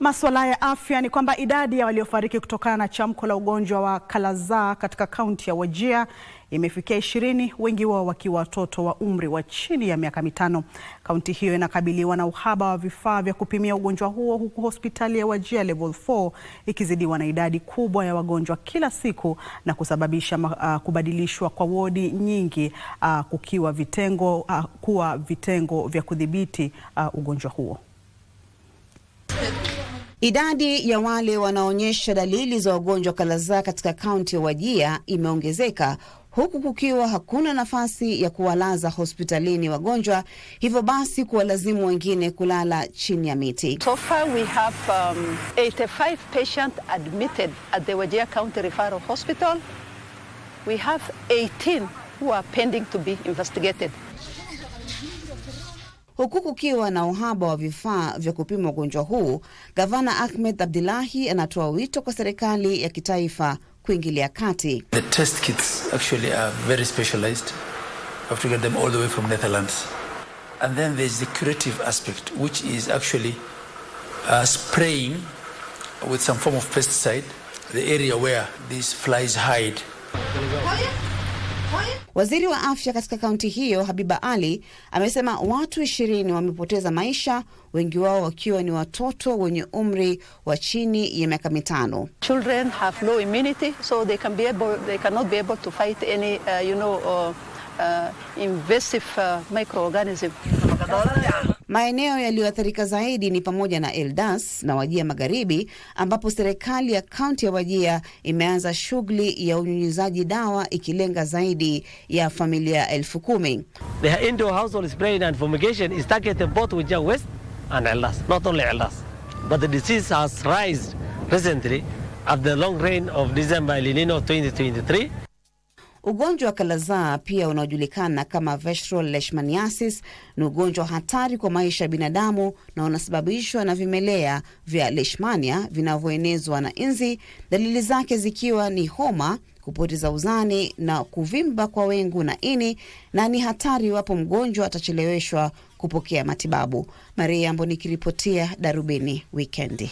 Masuala ya afya ni kwamba idadi ya waliofariki kutokana na chamko la ugonjwa wa kalaza katika kaunti ya Wajir imefikia ishirini, wengi wao wakiwa watoto wa umri wa chini ya miaka mitano. Kaunti hiyo inakabiliwa na uhaba wa vifaa vya kupimia ugonjwa huo huku hospitali ya Wajir level 4 ikizidiwa na idadi kubwa ya wagonjwa kila siku na kusababisha uh, kubadilishwa kwa wodi nyingi uh, kukiwa vitengo uh, kuwa vitengo vya kudhibiti uh, ugonjwa huo. Idadi ya wale wanaonyesha dalili za ugonjwa kalazaa katika kaunti ya Wajia imeongezeka huku kukiwa hakuna nafasi ya kuwalaza hospitalini wagonjwa, hivyo basi kuwalazimu wengine kulala chini ya miti. So far we have um, 85 patient admitted at the Wajir County Referral Hospital. We have 18 who are pending to be investigated. Huku kukiwa na uhaba wa vifaa vya kupima ugonjwa huu, Gavana Ahmed Abdullahi anatoa wito kwa serikali ya kitaifa kuingilia kati. The test kits actually are very specialized. have to get them all the way from Netherlands. And then there's the curative aspect, which is actually uh, spraying with some form of pesticide the area where these flies hide. Waziri wa afya katika kaunti hiyo Habiba Ali amesema watu ishirini wamepoteza maisha, wengi wao wakiwa ni watoto wenye umri wa chini ya miaka mitano. Children have low immunity so they can be able, they cannot be able to fight any, uh, you know, uh, uh, invasive uh, microorganism. Maeneo yaliyoathirika zaidi ni pamoja na Eldas na Wajia Magharibi ambapo serikali ya kaunti ya Wajia imeanza shughuli ya unyunyizaji dawa ikilenga zaidi ya familia elfu kumi. The indoor household spray and fumigation is targeted both Wajia West and Eldas, not only Eldas. But the disease has risen recently at the long rain of December El Nino 2023. Ugonjwa wa kalazaa pia unaojulikana kama Visceral Leishmaniasis ni ugonjwa hatari kwa maisha ya binadamu na unasababishwa na vimelea vya Leishmania vinavyoenezwa na nzi, dalili zake zikiwa ni homa, kupoteza uzani na kuvimba kwa wengu na ini, na ni hatari iwapo mgonjwa atacheleweshwa kupokea matibabu. Maria Ambo nikiripotia Darubini Wikendi.